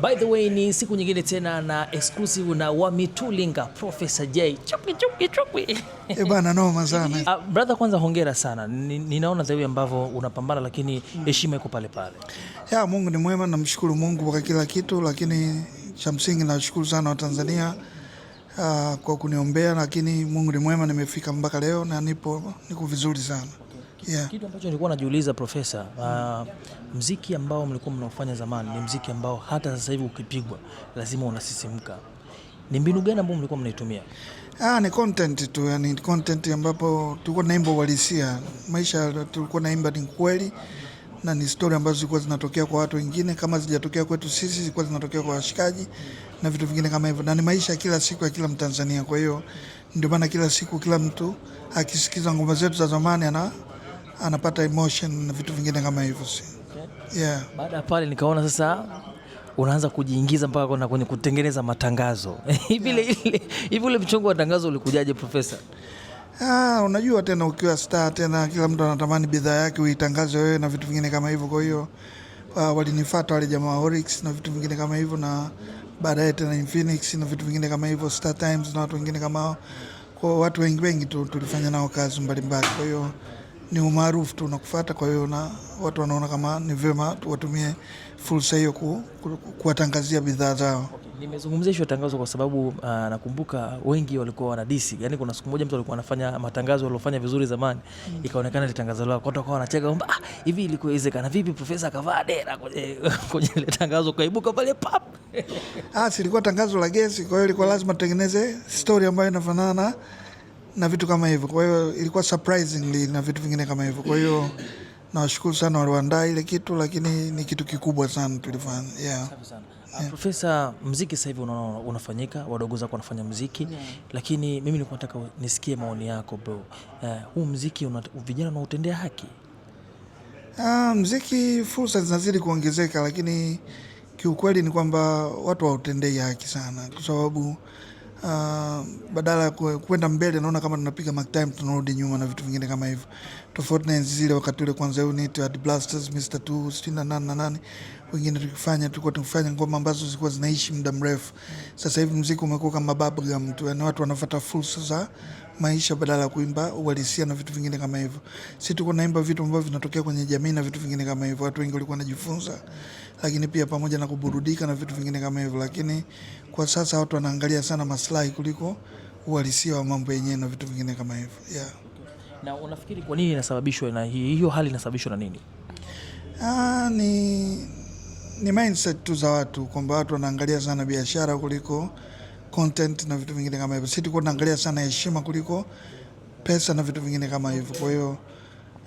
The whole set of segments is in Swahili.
By the way ni siku nyingine tena na exclusive na Wamitulinga Professor J. Chupi chupi chupi. Eh, bana noma sana. Uh, brother kwanza hongera sana. Ninaona zaidi ambavyo unapambana lakini hmm. heshima iko pale pale. Ya Mungu ni mwema, namshukuru Mungu kwa kila kitu, lakini cha msingi nashukuru sana Watanzania uh, ah, kwa kuniombea, lakini Mungu ni mwema, nimefika mpaka leo na nipo niko vizuri sana yeah. Kitu ambacho nilikuwa najiuliza profesa, uh, mziki ambao mlikuwa mnaofanya zamani ni mziki ambao hata sasa hivi ukipigwa lazima unasisimka. Ni mbinu gani ambayo mlikuwa mnaitumia? Ah, ni content tu, yani content ambapo tulikuwa naimba uhalisia. Maisha tulikuwa naimba ni kweli na ni story ambazo zilikuwa zinatokea kwa watu wengine, kama zijatokea kwetu sisi zilikuwa zinatokea kwa washikaji na vitu vingine kama hivyo, na ni maisha kila siku ya kila Mtanzania. Kwa hiyo ndio maana kila siku kila mtu akisikiza ngoma zetu za zamani ana anapata emotion na vitu vingine kama hivyo, si yeah. Baada ya pale nikaona sasa unaanza kujiingiza mpaka kwenye kutengeneza matangazo hivi yeah. Ule mchongo wa tangazo ulikujaje profesa? Ah, unajua tena ukiwa star tena kila mtu anatamani bidhaa yake uitangaze wewe na vitu vingine kama hivyo. Kwa hiyo uh, walinifuata wale jamaa Orix na vitu vingine kama hivyo, na baadaye tena Infinix na vitu vingine kama hivyo, Star Times na watu wengine kama hao. Kwa watu wengi wengi tu tulifanya nao kazi mbalimbali, kwa hiyo ni umaarufu tu nakufata. Kwa hiyo na watu wanaona kama ni vyema watumie fursa hiyo kuwatangazia ku, ku, bidhaa zao. Nimezungumzia hiyo tangazo kwa sababu uh, nakumbuka wengi walikuwa wanadisi. Yaani kuna siku moja mtu alikuwa anafanya matangazo aliyofanya vizuri zamani mm. Ikaonekana ile tangazo lao watu wakawa wanacheka kwamba ah, hivi ilikuwezekana vipi profesa akavaa dera kwenye ile tangazo kaibuka pale pap. Ah, silikuwa tangazo la gesi, kwa hiyo ilikuwa lazima tutengeneze story ambayo inafanana na vitu kama hivyo. Kwa hiyo ilikuwa surprisingly na vitu vingine kama hivyo. Kwa hiyo nawashukuru sana walioandaa ile kitu, lakini ni kitu kikubwa sana tulifanya. Yeah. Yeah. Profesa, mziki sasa hivi unaona unafanyika, wadogo zako wanafanya mziki yeah. Lakini mimi nilikuwa nataka nisikie maoni yako bro. Uh, huu mziki vijana unautendea haki? Uh, ah, mziki fursa zinazidi kuongezeka, lakini kiukweli ni kwamba watu hautendei haki sana kwa sababu Uh, badala ya kwenda mbele naona kama tunapiga mark time tunarudi nyuma na vitu vingine kama hivyo, tofauti na enzi zile wakati ule kwanza, unit Blasters, Mr. 2 68 na nane wengine tukifanya tulikuwa tukifanya ngoma ambazo zilikuwa zinaishi muda mrefu. Sasa hivi mziki umekuwa kama bubblegum tu, yani watu wanafata fursa za maisha badala ya kuimba uhalisia na vitu vingine kama hivyo. Sisi tulikuwa naimba vitu ambavyo vinatokea kwenye jamii na vitu vingine kama hivyo, watu wengi walikuwa wanajifunza, lakini pia pamoja na kuburudika na vitu vingine kama hivyo. Lakini kwa sasa watu wanaangalia sana maslahi kuliko uhalisia wa mambo yenyewe na vitu vingine kama hivyo yeah. Na unafikiri kwa nini inasababishwa na hiyo hali inasababishwa na nini? Ah, ni ni mindset tu za watu kwamba watu wanaangalia sana biashara kuliko content na vitu vingine kama hivyo. Sisi tuko tunaangalia sana heshima kuliko pesa na vitu vingine kama hivyo. Kwa hiyo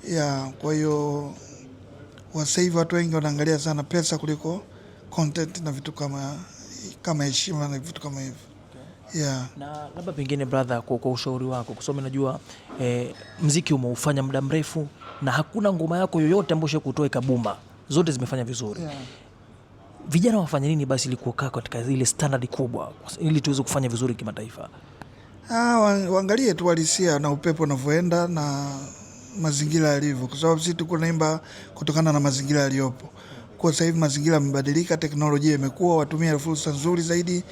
ya, kwa hiyo wasa hivi watu wengi wanaangalia sana pesa kuliko content na vitu kama kama heshima na vitu kama hivyo. Yeah. Na labda pengine brother, kwa, kwa ushauri wako kwa sababu najua eh, mziki umeufanya muda mrefu na hakuna ngoma yako yoyote ambayo ushakutoa ikabuma, zote zimefanya vizuri. Yeah vijana wafanye nini basi ili kukaa katika ile standard kubwa ili tuweze kufanya vizuri kimataifa? Ah, waangalie tu uhalisia na upepo unavyoenda na mazingira yalivyo, kwa sababu sisi tuko naimba kutokana na mazingira yaliyopo. Kwa sasa hivi mazingira yamebadilika, teknolojia imekuwa, watumia fursa nzuri zaidi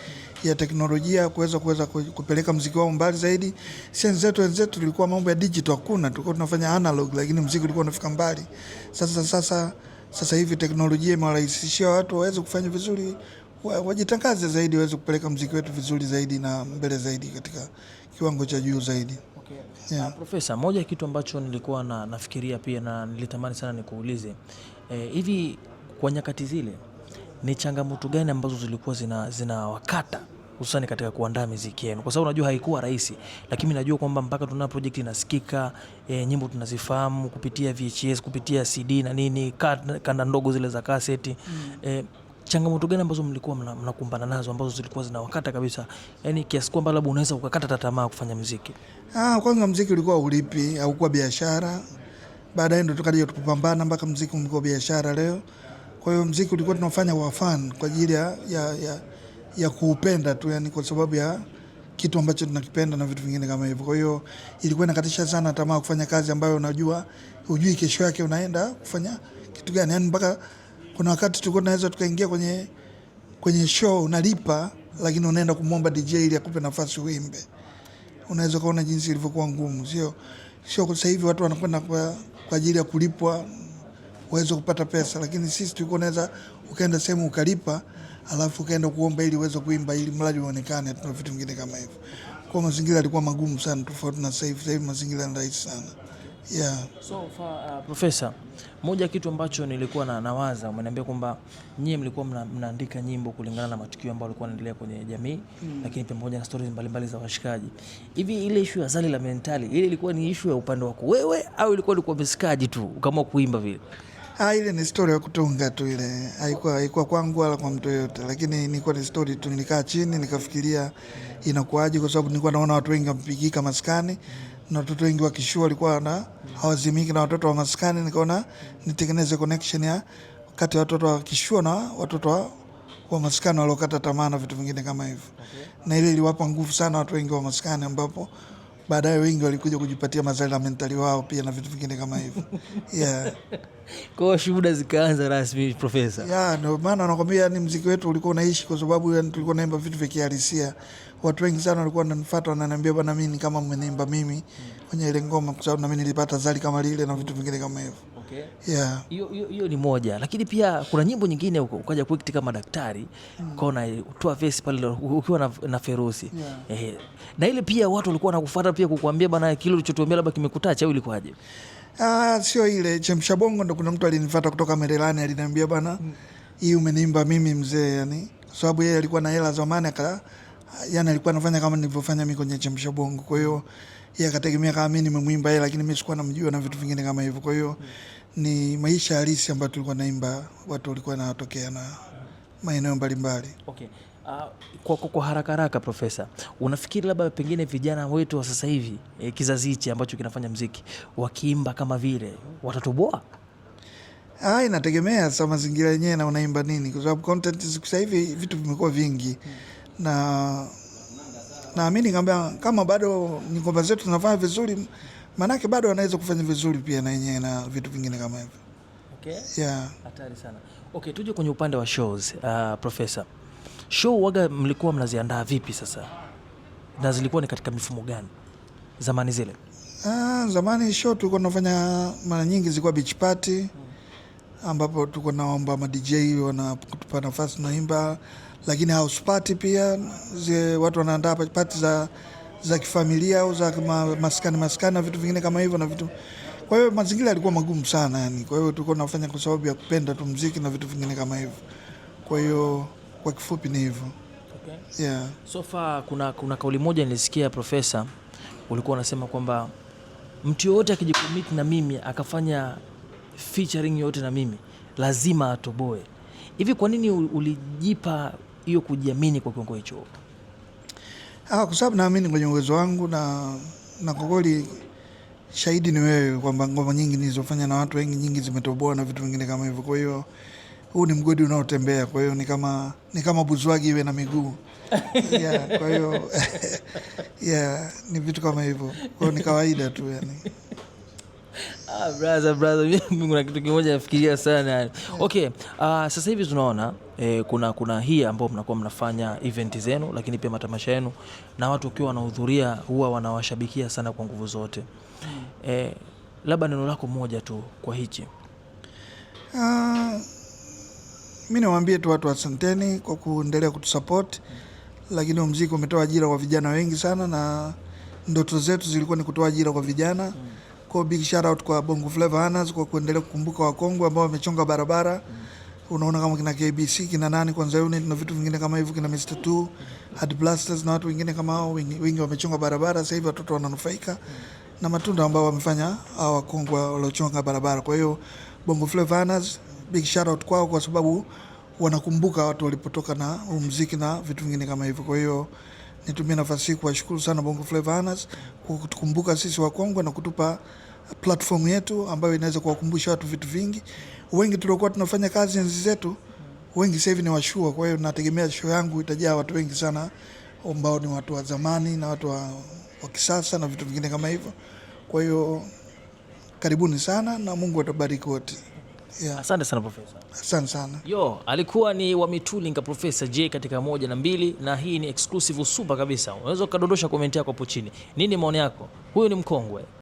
ya teknolojia kuweza kuweza kupeleka mziki wao mbali zaidi. Si wenzetu wenzetu tulikuwa mambo ya digital hakuna, tulikuwa tunafanya analog, lakini mziki ulikuwa unafika mbali. Sasa Sasa sasa sasa hivi teknolojia imewarahisishia watu waweze kufanya vizuri, wajitangaze zaidi, waweze kupeleka mziki wetu vizuri zaidi na mbele zaidi katika kiwango cha juu zaidi. Yeah. Uh, Profesa, moja ya kitu ambacho nilikuwa na, nafikiria pia na nilitamani sana nikuulize eh, hivi e, kwa nyakati zile ni changamoto gani ambazo zilikuwa zinawakata zina hususan katika kuandaa miziki yenu? Kwa sababu najua haikuwa rahisi, lakini najua kwamba mpaka tuna project inasikika, e, nyimbo tunazifahamu kupitia VHS, kupitia CD na nini, kanda ndogo zile za kaseti mm. e, changamoto gani ambazo mlikuwa mnakumbana mna nazo ambazo zilikuwa zinawakata kabisa, yani kiasi kwamba labda unaweza ukakata tamaa kufanya muziki? Ah, kwanza muziki ulikuwa ulipi au kuwa biashara, baadaye ndo tukaja tukapambana mpaka muziki umekuwa biashara leo. Kwa hiyo muziki ulikuwa tunafanya kwa fun kwa ajili ya, ya, ya ya kuupenda tu, yani kwa sababu ya kitu ambacho tunakipenda na vitu vingine kama hivyo. Kwa hiyo ilikuwa inakatisha sana tamaa kufanya kazi ambayo unajua hujui kesho yake unaenda kufanya kitu gani. Yani mpaka kuna wakati tulikuwa tunaweza tukaingia kwenye kwenye show unalipa, lakini unaenda kumwomba DJ ili akupe nafasi uimbe. Unaweza kuona jinsi ilivyokuwa ngumu, sio sio? Kwa sasa hivi watu wanakwenda kwa kwa ajili ya kulipwa uweze kupata pesa, lakini sisi tulikuwa tunaweza ukaenda sehemu ukalipa alafu ukaenda kuomba ili uweze kuimba ili mradi uonekane. na vitu vingine kama hivyo, kwa mazingira yalikuwa magumu sana, tofauti na sasa hivi. Sasa hivi mazingira ni rahisi sana. Yeah. So, uh, Profesa, moja kitu ambacho nilikuwa na nawaza, umeniambia kwamba nyie mlikuwa mna, mnaandika nyimbo kulingana na matukio ambayo yalikuwa yanaendelea kwenye jamii mm. Lakini pamoja na stories mbalimbali za washikaji hivi, ile ishu ya zali la mentali ile ilikuwa ni ishu ya upande wako wewe au ilikuwa ilikuwa umesikaji tu ukaamua kuimba vile? Ah, ile ni story ya kutunga tu, ile haikuwa haikuwa kwangu wala kwa mtu yoyote, lakini nilikuwa ni story tu. Nilikaa chini nikafikiria inakuwaje, kwa sababu nilikuwa naona watu wengi wamepigika maskani na watoto wengi wakishua walikuwa na hawazimiki na watoto wa maskani. Nikaona nitengeneze connection ya kati ya watoto wakishua na watoto wa, wa maskani waliokata tamaa na vitu vingine kama hivyo, okay. na ile iliwapa nguvu sana watu wengi wa maskani ambapo baadaye wengi walikuja kujipatia mazari na mentali wao pia na vitu vingine kama hivyo yeah. Kwa shuhuda zikaanza rasmi profesa. Yeah, ndio maana anakwambia ni mziki wetu ulikuwa unaishi kwa sababu yani tulikuwa naimba vitu vya kihalisia. Watu wengi sana walikuwa wananifuata wananiambia, bwana, mimi kama mmenimba mimi mm. kwenye ile ngoma, kwa sababu na mimi nilipata zali kama lile na vitu vingine kama hivyo hiyo okay. yeah. ni moja lakini pia kuna nyimbo nyingine ukaja kuikti kama daktari mm. kaona utoa vesi pale ukiwa na, na ferusi yeah. eh, na ile pia watu walikuwa wanakufuata pia kukuambia bana kile ulichotuambia labda kimekutacha au ilikuwaje? Ah, sio ile chemsha bongo, ndo kuna mtu alinifuata kutoka Merelani aliniambia bana mm. hii mm. umeniimba mimi mzee yani sababu so, yeye alikuwa na hela zamani aka yani alikuwa anafanya kama nilivyofanya mimi kwenye chemsha bongo, kwa hiyo yeye akategemea kama mimi nimemwimba yeye, lakini mimi sikuwa namjua na vitu vingine kama hivyo, kwa hiyo mm ni maisha halisi ambayo tulikuwa naimba, watu walikuwa wanatokea na maeneo mbalimbali. Okay. Uh, kwa, kwa haraka haraka Profesa, unafikiri labda pengine vijana wetu wa sasa hivi eh, kizazi hichi ambacho kinafanya mziki wakiimba kama vile watatoboa? Ah, inategemea sa mazingira yenyewe na unaimba nini, kwa sababu content siku hivi vitu vimekuwa vingi hmm. na naamini kama bado ngoma zetu zinafanya vizuri maanake bado anaweza kufanya vizuri pia na yenyewe na vitu vingine kama hivyo. Okay. Yeah. Hatari sana. Okay, tuje kwenye upande wa shows. Uh, profesa, show waga mlikuwa mnaziandaa vipi sasa na zilikuwa ni katika mifumo gani zamani zile? Uh, zamani show tulikuwa tunafanya mara nyingi zilikuwa beach party ambapo tulikuwa naomba ma DJ wanatupa nafasi tunaimba, lakini house party pia, watu wanaandaa party za za kifamilia au za maskani maskani na vitu vingine kama hivyo na vitu. Kwa hiyo mazingira yalikuwa magumu sana yani. Kwa hiyo tulikuwa tunafanya kwa sababu ya kupenda tu muziki na vitu vingine kama hivyo. Kwa hiyo kwa kifupi ni hivyo. Okay. Yeah. So far kuna, kuna kauli moja nilisikia profesa, ulikuwa unasema kwamba mtu yoyote akijikomit na mimi akafanya featuring yoyote na mimi lazima atoboe. Hivi kwa nini ulijipa hiyo kujiamini kwa kiwango hicho? Ah, kwa sababu naamini kwenye uwezo wangu na na kwa kweli shahidi ni wewe kwamba ngoma nyingi nilizofanya na watu wengi nyingi zimetoboa na vitu vingine kama hivyo. Kwa hiyo huu ni mgodi unaotembea, kwa hiyo ni kama ni kama buzwagi iwe na miguu. Yeah, kwa hiyo yeah, ni vitu kama hivyo. Kwa hiyo ni kawaida tu yani. Ah, brother brother, mimi kuna kitu kimoja nafikiria sana. Okay, ah, sasa hivi tunaona eh, kuna kuna hii ambayo mnakuwa mnafanya event zenu lakini pia matamasha yenu na watu wakiwa wanahudhuria huwa wanawashabikia sana kwa nguvu zote. Eh, labda neno lako moja tu kwa hichi. Ah, mimi nawaambia tu watu asanteni kwa kuendelea kutusupport, lakini muziki umetoa ajira kwa vijana wengi sana na ndoto zetu zilikuwa ni kutoa ajira kwa vijana. mm. Kwa big shout out kwa Bongo Flava Anas kwa kuendelea kukumbuka wakongwe ambao wamechonga barabara. Unaona kama kina KBC, kina nani kwanza unit na vitu vingine kama hivyo, kina Mr. Two, Hard Blasters na watu wengine kama hao, wengi, wengi wamechonga barabara. Sasa hivi watoto wananufaika na matunda ambao wamefanya hao wakongwe waliochonga barabara. Kwa hiyo Bongo Flava Anas, big shout out kwao kwa sababu wanakumbuka watu walipotoka na muziki na vitu vingine kama hivyo. Kwa hiyo nitumie nafasi hii kuwashukuru sana Bongo Flava Anas kwa kutukumbuka sisi wakongwe na kutupa platform yetu ambayo inaweza kuwakumbusha watu vitu vingi. Wengi tuliokuwa tunafanya kazi enzi zetu, wengi sasa hivi ni washua. Kwa hiyo nategemea show yangu itajaa watu wengi sana ambao ni watu wa zamani na watu wa, wa kisasa na vitu vingine kama hivyo. Kwa hiyo karibuni sana na Mungu atabariki wote. Yeah. Asante sana profesa. Asante sana. Yo, alikuwa ni wa Mitulinga Profesa J katika moja na mbili na hii ni exclusive super kabisa. Unaweza ukadondosha komenti yako hapo chini. Nini maoni yako? Huyu ni mkongwe.